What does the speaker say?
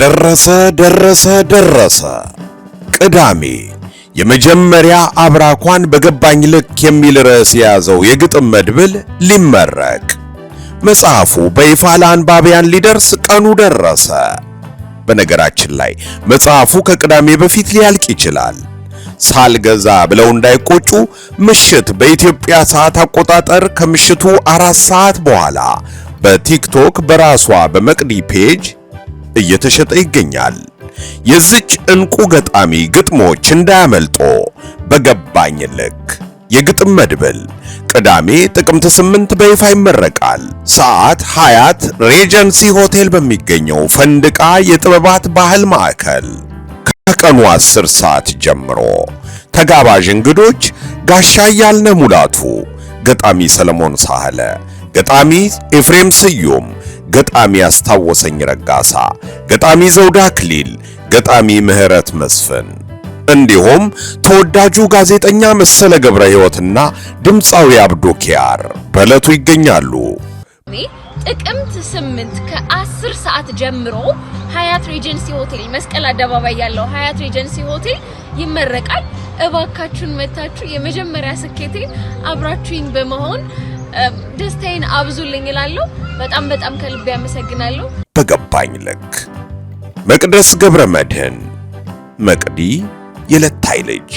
ደረሰ ደረሰ ደረሰ። ቅዳሜ የመጀመሪያ አብራኳን በገባኝ ልክ የሚል ርዕስ የያዘው የግጥም መድብል ሊመረቅ መጽሐፉ በይፋ ለአንባቢያን ሊደርስ ቀኑ ደረሰ። በነገራችን ላይ መጽሐፉ ከቅዳሜ በፊት ሊያልቅ ይችላል። ሳልገዛ ብለው እንዳይቆጩ ምሽት በኢትዮጵያ ሰዓት አቆጣጠር ከምሽቱ አራት ሰዓት በኋላ በቲክቶክ በራሷ በመቅዲ ፔጅ እየተሸጠ ይገኛል። የዚች እንቁ ገጣሚ ግጥሞች እንዳያመልጦ በገባኝ ልክ የግጥም መድብል ቅዳሜ ጥቅምት 8 በይፋ ይመረቃል። ሰዓት ሀያት ሬጀንሲ ሆቴል በሚገኘው ፈንድቃ የጥበባት ባህል ማዕከል ከቀኑ 10 ሰዓት ጀምሮ ተጋባዥ እንግዶች ጋሻ ያልነ ሙላቱ፣ ገጣሚ ሰለሞን ሳህለ፣ ገጣሚ ኤፍሬም ስዩም ገጣሚ ያስታወሰኝ ረጋሳ፣ ገጣሚ ዘውዳ አክሊል፣ ገጣሚ ምህረት መስፍን እንዲሁም ተወዳጁ ጋዜጠኛ መሰለ ገብረ ሕይወትና ድምፃዊ አብዶ ኪያር በዕለቱ ይገኛሉ። ጥቅምት ከ10 ሰዓት ጀምሮ ሀያት ሬጀንሲ ሆቴል መስቀል አደባባይ ያለው ሀያት ሬጀንሲ ሆቴል ይመረቃል። እባካችሁን መታችሁ የመጀመሪያ ስኬቴን አብራችሁኝ በመሆን ደስታዬን አብዙልኝ እላለሁ። በጣም በጣም ከልቤ አመሰግናለሁ። በገባኝ ልክ መቅደስ ገብረ መድህን መቅዲ የለታይ ልጅ